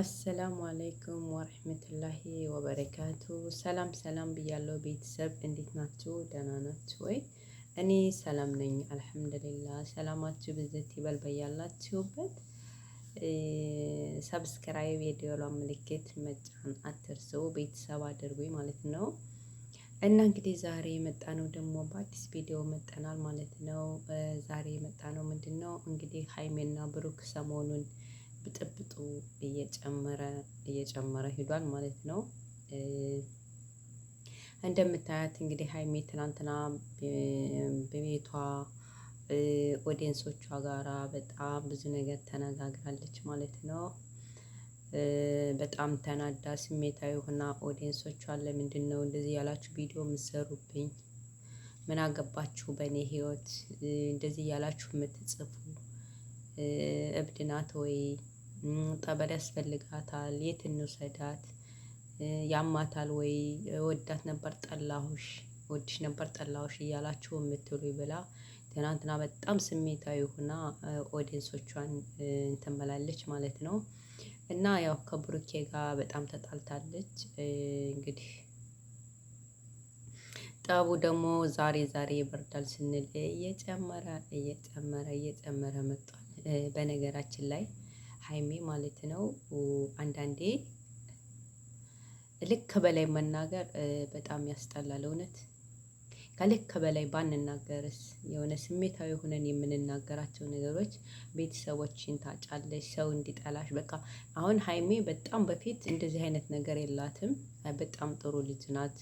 አሰላሙ አለይኩም ወረህመቱላሂ ወበረካቱ። ሰላም ሰላም ብያለው ቤተሰብ፣ እንዴት ናችሁ? ደህና ናችሁ ወይ? እኔ ሰላም ነኝ አልሐምዱሊላ። ሰላማችሁ ብዝት ይበል በያላችሁበት። ሰብስክራይብ የደወል ምልክት መጫን አትርሱ፣ ቤተሰብ አድርጉ ማለት ነው። እና እንግዲህ ዛሬ የመጣነው ደግሞ በአዲስ ቪዲዮ መጠናል ማለት ነው። ዛሬ የመጣነው ምንድን ነው እንግዲህ ሀይሜና ብሩክ ሰሞኑን ብጥብጡ እየጨመረ እየጨመረ ሂዷል ማለት ነው። እንደምታያት እንግዲህ ሀይሜ ትናንትና በቤቷ ኦዲየንሶቿ ጋራ በጣም ብዙ ነገር ተነጋግራለች ማለት ነው። በጣም ተናዳ ስሜታዊ ሆና ኦዲንሶቿ ለምንድን ነው እንደዚህ ያላችሁ ቪዲዮ የምትሰሩብኝ? ምን አገባችሁ በእኔ ህይወት እንደዚህ ያላችሁ የምትጽፉ እብድ ናት ወይ ጠበል ያስፈልጋታል። የት እንውሰዳት? ያማታል ወይ? ወዳት ነበር ጠላሁሽ፣ ወድሽ ነበር ጠላሁሽ እያላችሁ የምትሉ ብላ ትናንትና በጣም ስሜታዊ ሆና ኦዲየንሶቿን እንትን ማለት ነው። እና ያው ከብሩኬ ጋር በጣም ተጣልታለች። እንግዲህ ጠቡ ደግሞ ዛሬ ዛሬ ይበርዳል ስንል እየጨመረ እየጨመረ እየጨመረ መጥቷል። በነገራችን ላይ ሀይሜ ማለት ነው። አንዳንዴ ልክ በላይ መናገር በጣም ያስጠላል። እውነት ከልክ በላይ ባንናገርስ የሆነ ስሜታዊ ሆነን የምንናገራቸው ነገሮች ቤተሰቦችን ታጫለች ሰው እንዲጠላሽ። በቃ አሁን ሀይሜ በጣም በፊት እንደዚህ አይነት ነገር የላትም። በጣም ጥሩ ልጅ ናት።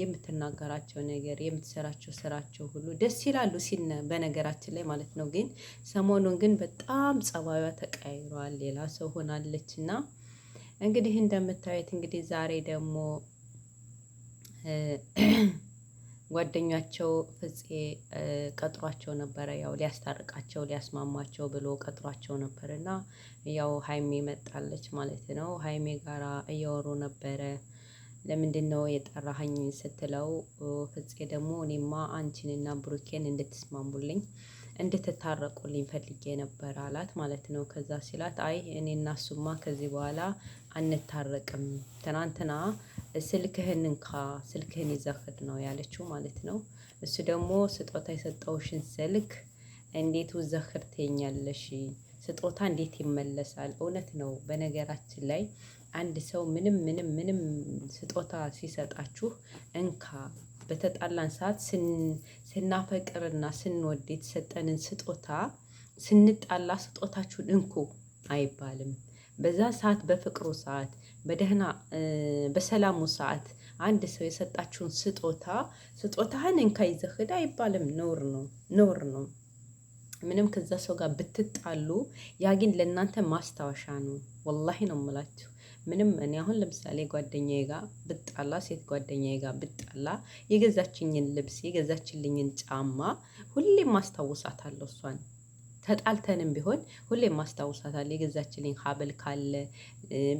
የምትናገራቸው ነገር የምትሰራቸው ስራቸው ሁሉ ደስ ይላሉ ሲነ በነገራችን ላይ ማለት ነው። ግን ሰሞኑን ግን በጣም ጸባዩዋ ተቀያይሯል፣ ሌላ ሰው ሆናለች እና እንግዲህ እንደምታዩት እንግዲህ ዛሬ ደግሞ ጓደኛቸው ፍፄ ቀጥሯቸው ነበረ። ያው ሊያስታርቃቸው ሊያስማማቸው ብሎ ቀጥሯቸው ነበር እና ያው ሀይሜ መጣለች ማለት ነው። ሀይሜ ጋራ እያወሩ ነበረ ለምንድነው የጠራኸኝ ስትለው ፍፄ ደግሞ እኔማ አንቺንና ብሩኬን እንድትስማሙልኝ እንድትታረቁልኝ ፈልጌ ነበር አላት ማለት ነው። ከዛ ሲላት አይ እኔ እና እሱማ ከዚህ በኋላ አንታረቅም፣ ትናንትና ስልክህን እንካ ስልክህን ይዘህ ነው ያለችው ማለት ነው። እሱ ደግሞ ስጦታ የሰጠውሽን ስልክ እንዴት ይዘሽ ሂድ ስጦታ እንዴት ይመለሳል? እውነት ነው በነገራችን ላይ አንድ ሰው ምንም ምንም ምንም ስጦታ ሲሰጣችሁ እንካ በተጣላን ሰዓት ስናፈቅርና ስንወድ የተሰጠንን ስጦታ ስንጣላ ስጦታችሁን እንኩ አይባልም። በዛ ሰዓት በፍቅሩ ሰዓት በደህና በሰላሙ ሰዓት አንድ ሰው የሰጣችሁን ስጦታ ስጦታህን እንካ ይዘህ አይባልም። ነውር ነው፣ ነውር ነው። ምንም ከዛ ሰው ጋር ብትጣሉ ያ ግን ለእናንተ ማስታወሻ ነው። ወላሂ ነው የምላችሁ። ምንም እኔ አሁን ለምሳሌ ጓደኛዬ ጋር ብጣላ ሴት ጓደኛዬ ጋር ብጣላ የገዛችኝን ልብስ የገዛችልኝን ጫማ ሁሌም ማስታውሳታለሁ እሷን። ተጣልተንም ቢሆን ሁሌም ማስታውሳታለሁ። የገዛችልኝ ሀብል ካለ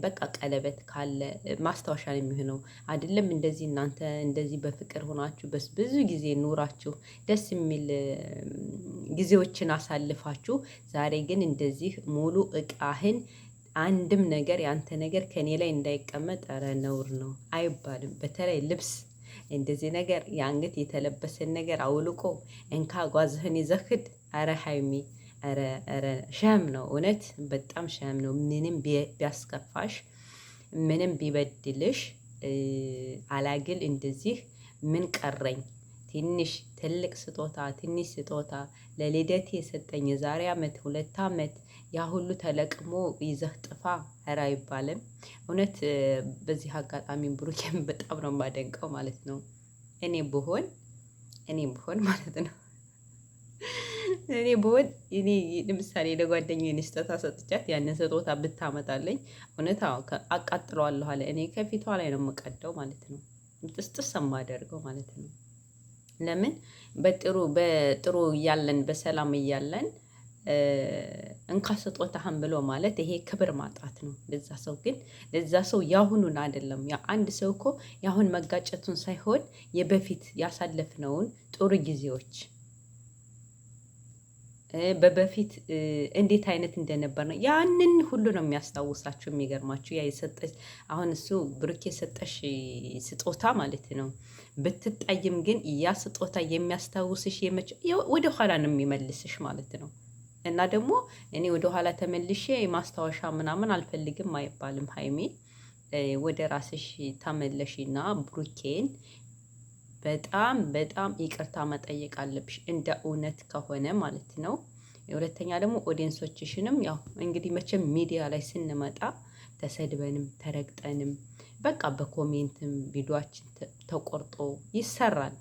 በቃ ቀለበት ካለ ማስታወሻ ነው የሚሆነው። አይደለም እንደዚህ እናንተ እንደዚህ በፍቅር ሆናችሁ ብዙ ጊዜ ኑራችሁ ደስ የሚል ጊዜዎችን አሳልፋችሁ ዛሬ ግን እንደዚህ ሙሉ እቃህን አንድም ነገር የአንተ ነገር ከኔ ላይ እንዳይቀመጥ፣ ኧረ ነውር ነው አይባልም። በተለይ ልብስ እንደዚህ ነገር የአንገት የተለበሰን ነገር አውልቆ እንካ ጓዝህን ይዘህድ፣ ኧረ ሀይሚ ረ ሸም ነው እውነት፣ በጣም ሸም ነው። ምንም ቢያስከፋሽ፣ ምንም ቢበድልሽ፣ አላግል እንደዚህ ምን ቀረኝ ትንሽ ትልቅ ስጦታ ትንሽ ስጦታ ለልደት የሰጠኝ የዛሬ ዓመት ሁለት ዓመት ያ ሁሉ ተለቅሞ ይዘህ ጥፋ ኧረ አይባልም። እውነት በዚህ አጋጣሚ ብሩኬን በጣም ነው የማደንቀው ማለት ነው። እኔ ብሆን እኔ ብሆን ማለት ነው እኔ ብሆን እኔ ለምሳሌ ለጓደኛዬ ስጦታ ሰጥቻት ያንን ስጦታ ብታመጣለኝ እውነት አቃጥለዋለሁ አለ። እኔ ከፊቷ ላይ ነው የምቀደው ማለት ነው። ጥስጥስ የማደርገው ማለት ነው። ለምን በጥሩ በጥሩ እያለን በሰላም እያለን እንካ ስጦታህን ብሎ ማለት ይሄ ክብር ማጣት ነው። ለዛ ሰው ግን ለዛ ሰው ያሁኑን አይደለም። አንድ ሰው እኮ ያሁን መጋጨቱን ሳይሆን የበፊት ያሳለፍነውን ጥሩ ጊዜዎች በበፊት እንዴት አይነት እንደነበር ነው። ያንን ሁሉ ነው የሚያስታውሳችሁ። የሚገርማችሁ ያ የሰጠች አሁን እሱ ብሩክ የሰጠሽ ስጦታ ማለት ነው። ብትጣይም ግን ያ ስጦታ የሚያስታውስሽ የመች ወደኋላ ነው የሚመልስሽ ማለት ነው። እና ደግሞ እኔ ወደኋላ ተመልሼ ማስታወሻ ምናምን አልፈልግም አይባልም። ሀይሜ ወደ ራስሽ ተመለሽና ብሩኬን በጣም በጣም ይቅርታ መጠየቅ አለብሽ እንደ እውነት ከሆነ ማለት ነው። ሁለተኛ ደግሞ ኦዲየንሶችሽንም ያው እንግዲህ መቼም ሚዲያ ላይ ስንመጣ ተሰድበንም ተረግጠንም በቃ በኮሜንትም ቪዲዮችን ተቆርጦ ይሰራል።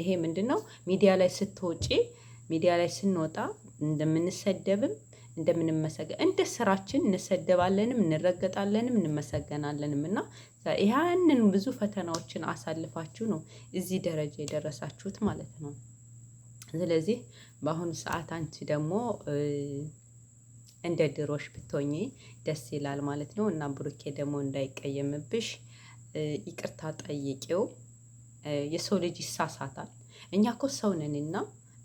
ይሄ ምንድነው ሚዲያ ላይ ስትወጪ ሚዲያ ላይ ስንወጣ እንደምንሰደብም እንደምንመሰገን እንደ ስራችን እንሰደባለንም እንረገጣለንም እንመሰገናለንም እና ይህንን ብዙ ፈተናዎችን አሳልፋችሁ ነው እዚህ ደረጃ የደረሳችሁት ማለት ነው። ስለዚህ በአሁኑ ሰዓት አንቺ ደግሞ እንደ ድሮሽ ብትሆኚ ደስ ይላል ማለት ነው እና ብሩኬ ደግሞ እንዳይቀየምብሽ ይቅርታ ጠይቄው። የሰው ልጅ ይሳሳታል። እኛ እኮ ሰው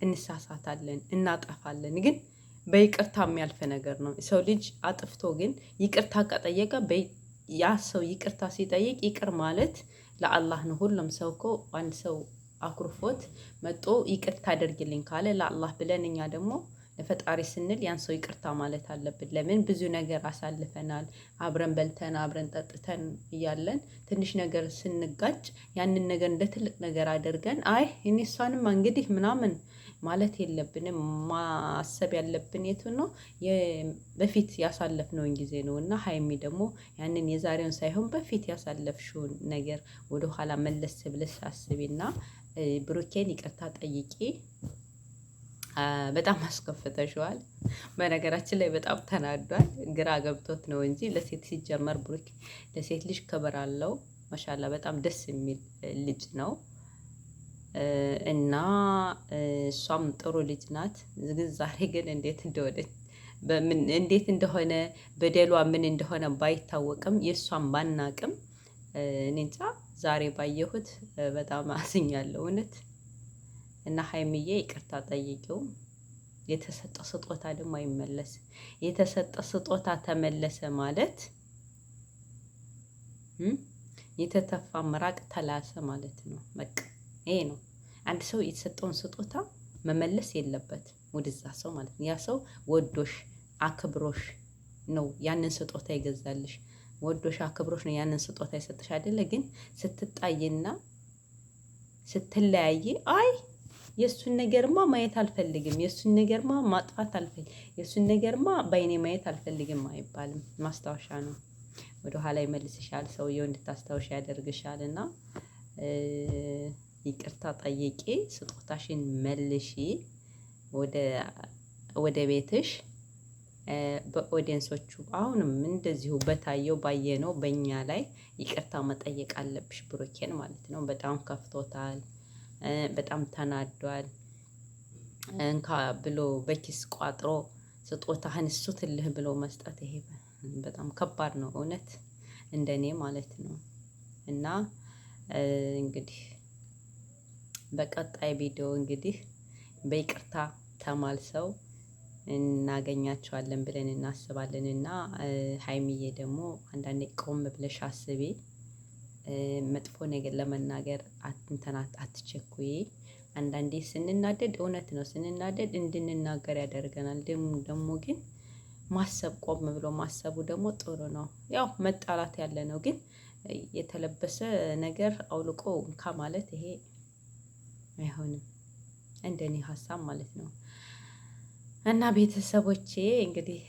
እንሳሳታለን፣ እናጠፋለን ግን በይቅርታ የሚያልፈ ነገር ነው። ሰው ልጅ አጥፍቶ ግን ይቅርታ ከጠየቀ ያ ሰው ይቅርታ ሲጠይቅ ይቅር ማለት ለአላህ ነው። ሁሉም ሰው እኮ አንድ ሰው አኩርፎት መጦ ይቅርታ አደርግልኝ ካለ ለአላህ ብለን እኛ ደግሞ ለፈጣሪ ስንል ያን ሰው ይቅርታ ማለት አለብን። ለምን ብዙ ነገር አሳልፈናል። አብረን በልተን አብረን ጠጥተን እያለን ትንሽ ነገር ስንጋጭ ያንን ነገር እንደ ትልቅ ነገር አድርገን አይ እኔ እሷንም እንግዲህ ምናምን ማለት የለብንም። ማሰብ ያለብን የቱ ነው በፊት ያሳለፍነውን ጊዜ ነው። እና ሀይሚ ደግሞ ያንን የዛሬውን ሳይሆን በፊት ያሳለፍሽውን ነገር ወደኋላ መለስ ብለሽ አስቢና ብሩኬን ይቅርታ ጠይቂ። በጣም አስከፍተሸዋል። በነገራችን ላይ በጣም ተናዷል። ግራ ገብቶት ነው እንጂ ለሴት ሲጀመር ብሩክ ለሴት ልጅ ክብር አለው። ማሻላ በጣም ደስ የሚል ልጅ ነው እና እሷም ጥሩ ልጅ ናት። ግን ዛሬ ግን እንዴት በምን እንዴት እንደሆነ በደሏ ምን እንደሆነ ባይታወቅም የእሷም ባናቅም እኔ እንጃ ዛሬ ባየሁት በጣም አዝኛለሁ እውነት እና ሀይምዬ ይቅርታ ጠይቂው። የተሰጠ ስጦታ ደግሞ አይመለስ። የተሰጠ ስጦታ ተመለሰ ማለት የተተፋ ምራቅ ተላሰ ማለት ነው። በቃ ይሄ ነው። አንድ ሰው የተሰጠውን ስጦታ መመለስ የለበት ወደዛ ሰው ማለት ነው። ያ ሰው ወዶሽ አክብሮሽ ነው ያንን ስጦታ ይገዛልሽ። ወዶሽ አክብሮሽ ነው ያንን ስጦታ ይሰጥሽ አይደለ? ግን ስትጣይና ስትለያይ አይ የእሱን ነገርማ ማየት አልፈልግም፣ የእሱን ነገርማ ማጥፋት አልፈልግም፣ የእሱን ነገርማ በአይኔ ማየት አልፈልግም አይባልም። ማስታወሻ ነው። ወደኋላ ይመልስሻል፣ ሰውየው እንድታስታውሻ ያደርግሻል። እና ይቅርታ ጠይቄ ስጦታሽን መልሺ ወደ ቤትሽ። በኦዲየንሶቹ አሁንም እንደዚሁ በታየው ባየነው በእኛ ላይ ይቅርታ መጠየቅ አለብሽ ብሩኬን ማለት ነው። በጣም ከፍቶታል። በጣም ተናዷል። እንካ ብሎ በኪስ ቋጥሮ ስጦታህን እሱ ትልህ ብሎ መስጠት ይሄ በጣም ከባድ ነው እውነት እንደኔ ማለት ነው። እና እንግዲህ በቀጣይ ቪዲዮ እንግዲህ በይቅርታ ተማልሰው እናገኛቸዋለን ብለን እናስባለን። እና ሀይሚዬ ደግሞ አንዳንዴ ቆም ብለሽ አስቤ መጥፎ ነገር ለመናገር አትቸኩይ። አንዳንዴ ስንናደድ እውነት ነው ስንናደድ እንድንናገር ያደርገናል። ደግሞ ግን ማሰብ ቆም ብሎ ማሰቡ ደግሞ ጥሩ ነው። ያው መጣላት ያለ ነው ግን የተለበሰ ነገር አውልቆ እንካ ማለት ይሄ አይሆንም። እንደኔ ሀሳብ ማለት ነው። እና ቤተሰቦቼ እንግዲህ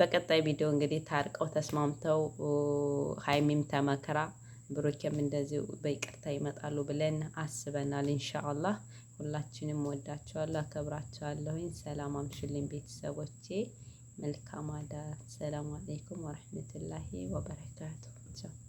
በቀጣይ ቪዲዮ እንግዲህ ታርቀው ተስማምተው ሀይሚም ተመክራ ብሩኬም እንደዚሁ በይቅርታ ይመጣሉ ብለን አስበናል። ኢንሻአላህ ሁላችንም ወዳቸዋለሁ፣ አከብራቸዋለሁኝ። ሰላም አምሽልኝ ቤተሰቦቼ። መልካም አዳር። ሰላም አለይኩም ወረህመቱላሂ ወበረካቱ።